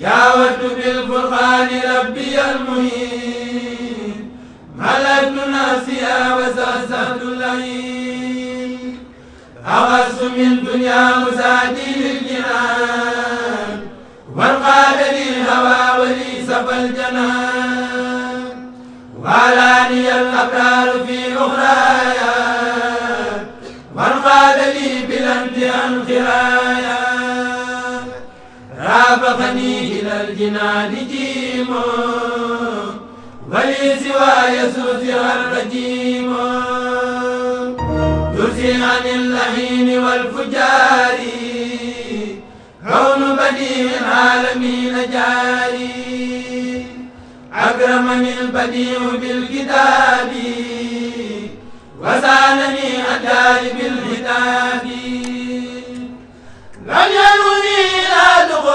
جاوت بالفرقان ربي المهين ملكت نفسي وزلزلت اللئيم أغز من دنيا مساعدي للجنان وانقاد لي الهوى ولي سفى الجنان وعلاني الأبرار في أخرايا وانقاد لي بلند أنخرايا سابقني إلى الجنان جيم ولي سواي سوزها الرجيم يرسي عن اللهين والفجار كون بديع العالمين جاري أكرمني البديع بالكتاب وسالني أتاري بالهتاب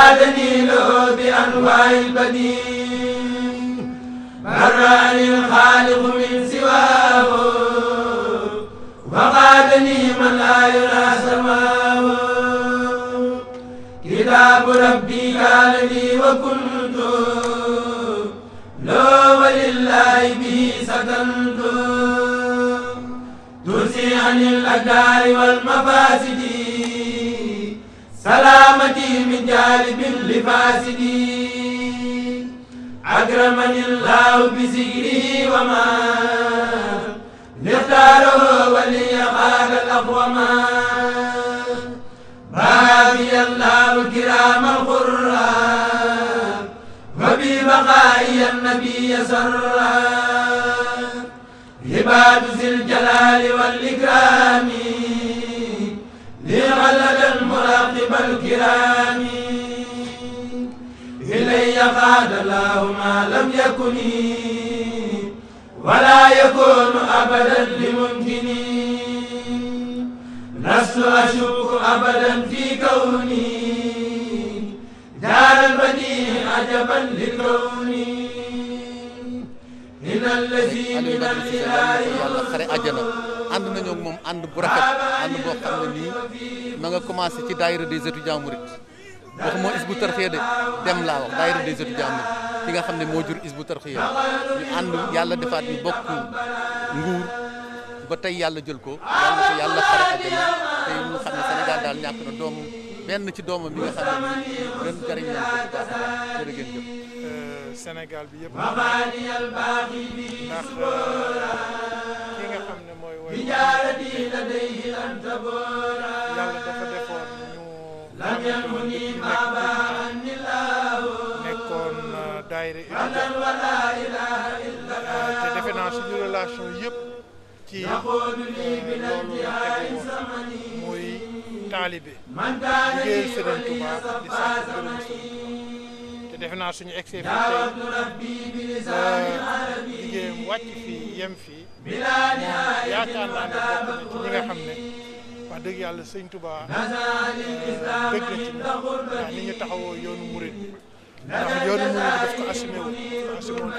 زادني له بأنواع البديل برأني الخالق من سواه وقادني من لا يرى سماه كتاب ربي كان لي وكنت لو ولله به سكنت ترسي عن الأدار والمفاسد سلام جالب لفاسدين أكرمني الله بذكري وما نختاره ولي خاك الأقوما بابي الله كرام القرآن وببقائي النبي سرا عباد ذي الجلال والإكرام أراد الله ما لم يكن ولا يكون أبدا لممكن لست أشك أبدا في كوني دار البديع عجبا للكون من الذي من الإله يخرج ànd nañu ak moom ànd bu rafet ànd boo xam ne nii ma nga commencé ci daayira des étudiants mourides waxuma isbu tarxiya de dem laa wax daayira des étudiants mi ki xam ne moo jur isbu tarxiya ñu ànd yàlla defaat ñu bokk nguur ba tey yàlla jël ko yàlla ko yàlla xare àjjana tey ñu xam ne Sénégal daal doom benn ci doomam bi nga xam ne gën jariñ nañ ko bu baax jërë ngeen euh, bi yëpp euh, ki nga xam ne mooy woy yàlla dafa def nekkoon daayira te defe naa suñu relation yëpp ci loolu muy taalibe liggéeyal Sëriñ Tuubaa di sax gërëm te defe naa suñu egg see liggéeyam wàcc fii yem fii yaakaar naa ne bokk na ci ñi nga xam ne. wax dëgg yàlla sëñ Touba dëgg la ci ndax ni ñu taxawoo yoonu murid ndax yoonu murid daf ko assumé woon assumé woon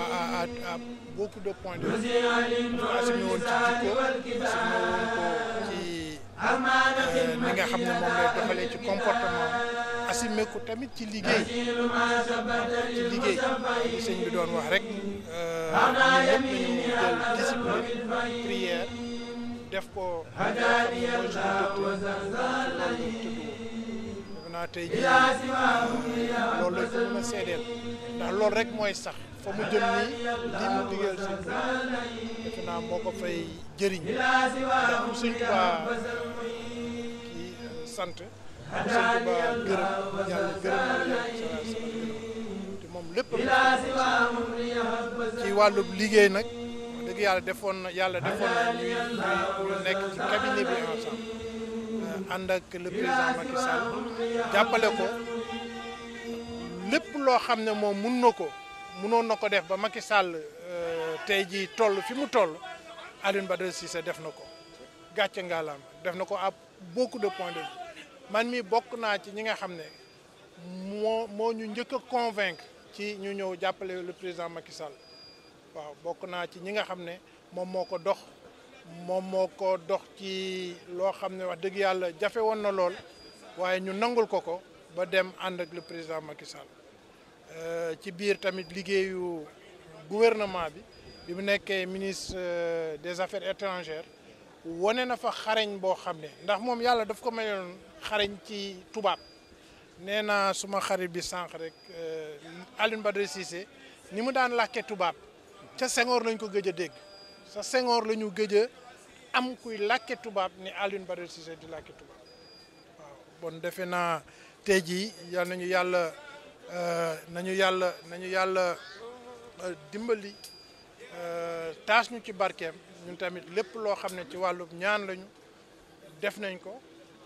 à à beaucoup de points de vue dafa assumé woon ci jikko assumé woon ko ci euh, ni nga xam ne moom lay doxalee ci comportement assumé ko tamit ci liggéey ci liggéey li sëñ bi doon wax rek euh, ñun ñëpp nañu jël discipline prière def ko naa tey jii loolu la ñu mooy sax fa ko fay jëriñ ndax mu euh, moom lépp ci wàllub liggéey nag dëgg yàlla defoon na yàlla defoon na ñuy ñu nekk ci cabinet bi ensemble euh, ànd le président Macky jàppale ko lépp loo xam ne moom mun na ko munoon na ko def ba Macky Sall euh, tey jii toll fi mu toll ba Badara Cissé def na ko gàcce ngaalaam def na ko à beaucoup de point de man mi bokk naa ci ñi nga xam ne moo moo ñu njëkk a convaincre ci ñu ñëw jàppale le président Macky Sall. waaw bokk naa ci ñi nga xam ne moom moo ko dox moom moo ko dox ci loo xam ne wax dëgg yàlla jafe woon na lool waaye ñu nangul ko ko ba dem ànd ak président Macky Sall euh, ci biir tamit liggéeyu gouvernement bi bi mu nekkee ministre euh, des affaires étrangères wane na fa xareñ boo xam ne ndax moom yàlla daf ko mayoon xareñ ci tubaab nee naa suma xarit bi sànq rek euh, Alioune Badara Cissé ni mu daan làkkee tubaab ca Senghor lañ ko gëj a dégg sa Senghor la ñu gëj a am kuy làkke tubaab ni Alioune Badara Cissé di làkke tubaab waaw bon defe naa tey jii yal nañu yàlla euh, nañu yàlla nañu yàlla euh, dimbali euh, taas ñu ci barkeem ñun tamit lépp loo xam ne ci wàllu ñaan lañu def nañ ko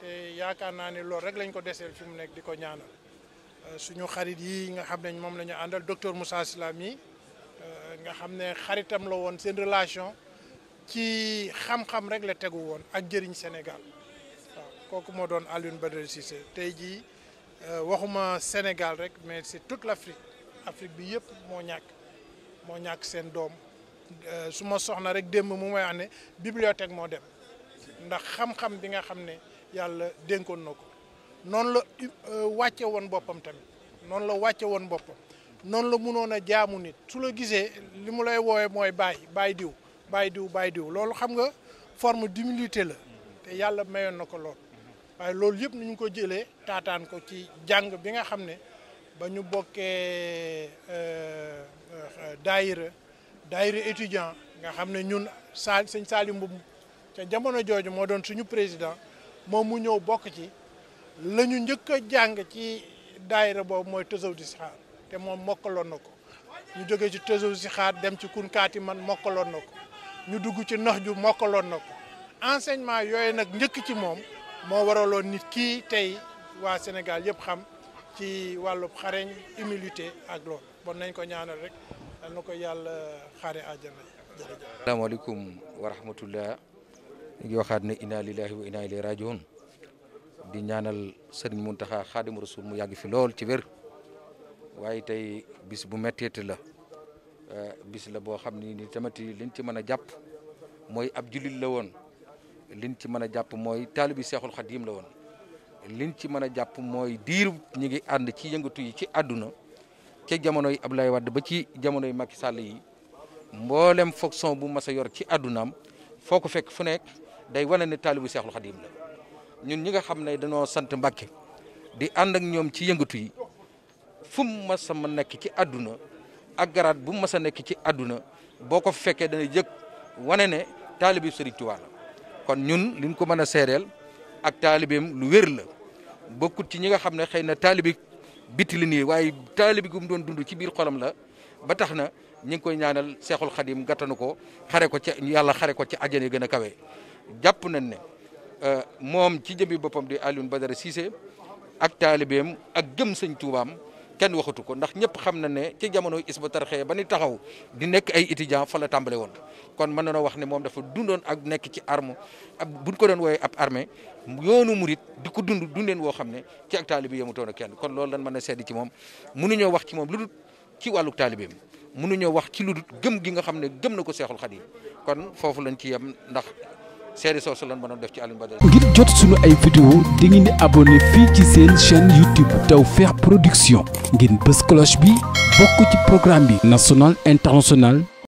te yaakaar naa ne loolu rek lañ ko deseel fi mu nekk di ko ñaanal suñu xarit yi nga xam ne moom la ñu àndal docteur Moussa Sila mi nga xam ne xaritam la woon seen relation ci xam-xam rek la tegu woon ak jëriñ Sénégal waaw kooku moo doon Alioune Badara Cissé tey jii euh, waxuma Sénégal rek mais c'est toute l'Afrique Afrique bi yëpp moo ñàkk moo ñàkk seen doom euh, su ma soxna rek démb mu may wax ne bibliothèque moo dem ndax xam-xam bi nga xam ne yàlla dénkoon na ko noonu la euh, wàcce woon boppam tamit noonu la wàcce woon boppam noonu la mënoon a jaamu nit su la gisee li mu lay woowee mooy baay baay diw baay diw baay diw loolu xam nga forme d'humilité la te yàlla mayoon na ko lool waaye loolu yëpp ni ñu ko jëlee taataan ko ci jàng bi nga xam ne ba ñu bokkee euh, euh, daayira daayira étudiant nga xam ne ñun saa sëñ Saali Mbub ca jamono jooju moo doon suñu président moom mu ñëw bokk ci la ñu njëkk a jàng ci daayira boobu mooy tësaw di saxaar te moom mokkaloon na ko ñu jógee ci Teuso si xaat dem ci Kunkaati man mokkaloon na ko ñu dugg ci nox ju mokkaloon na ko enseignement yooyu nag njëkk ci moom moo waraloon nit kii tey waa Sénégal yëpp xam ci wàllu xareñ humilité ak lool bon nañ ko ñaanal rek dal na ko yàlla xaare àjjana jërëjëf asalaamaaleykum wa rahmatullah ñu ngi waxaat ne inna lillahi wa inna ilayhi rajiun di ñaanal sëriñ Muntaxa Xaadimu Rasul mu yàgg fi lool ci wér waaye tey bis bu métteet la euh, bis la boo xam ni ni tamati liñ ci mën a jàpp mooy ab jullit la woon liñ ci mën a jàpp mooy taalibi Seexul Xadiim la woon liñ ci mën a jàpp mooy diir ñi ngi ànd ci yëngatu yi ci àdduna ca jamonoy Abdoulaye Wade ba ci jamonoy makki Sall yi mboolem fonction bu mas a yor ci àddunaam foo ko fekk fu nekk day wane ne taalibu Seexul Xadiim la ñun ñi nga xam ne dañoo sant Mbàkke di ànd ak ñoom ci yëngatu yi fu mu mas a nekk ci àdduna ak garaat bu mu a nekk ci àdduna boo ko fekkee dana jëkk wane ne taalibi Serigne Touba kon ñun liñ ko mën a seereel ak taalibeem lu wér la bokkut ci ñi nga xam ne xëy na taalibi biti li nii waaye taalibi gu mu doon dund ci biir xolam la ba tax na ñi ngi koy ñaanal seexul xadim gàttanu ko xare ko ci yàlla xare ko ci àjjana gën a kawe jàpp nañ ne euh, moom ci jëmmi boppam di ba Badara Cissé ak taalibeem ak gëm sëñ tuubaam kenn waxatu ko ndax ñëpp xam na ne ci jamono Hizbut Tarqiyyah ba ni taxaw di nekk ay étudiant fa la tàmbale woon kon mën na wax ne moom dafa dundoon ak nekk ci arme ab buñ ko doon woowee ab armée yoonu murit di ko dund dundeen woo xam ne ci ak taalibe yemutoon ak kenn kon loolu lan mën a sedd ci moom mënuñoo wax ci moom lu dul ci wàllu taalibeem mënuñoo wax ci lu dul gëm gi nga xam ne gëm na ko Seexul Xadiim kon foofu lañ ci yem ndax seeri soosu lan mënoon def ci Alioune Badara ngir jot sunu ay vidéo di ngeen di abonné fii ci seen chaîne YouTube Tawfekh Production ngeen bës cloche bi bokk ci programme bi national international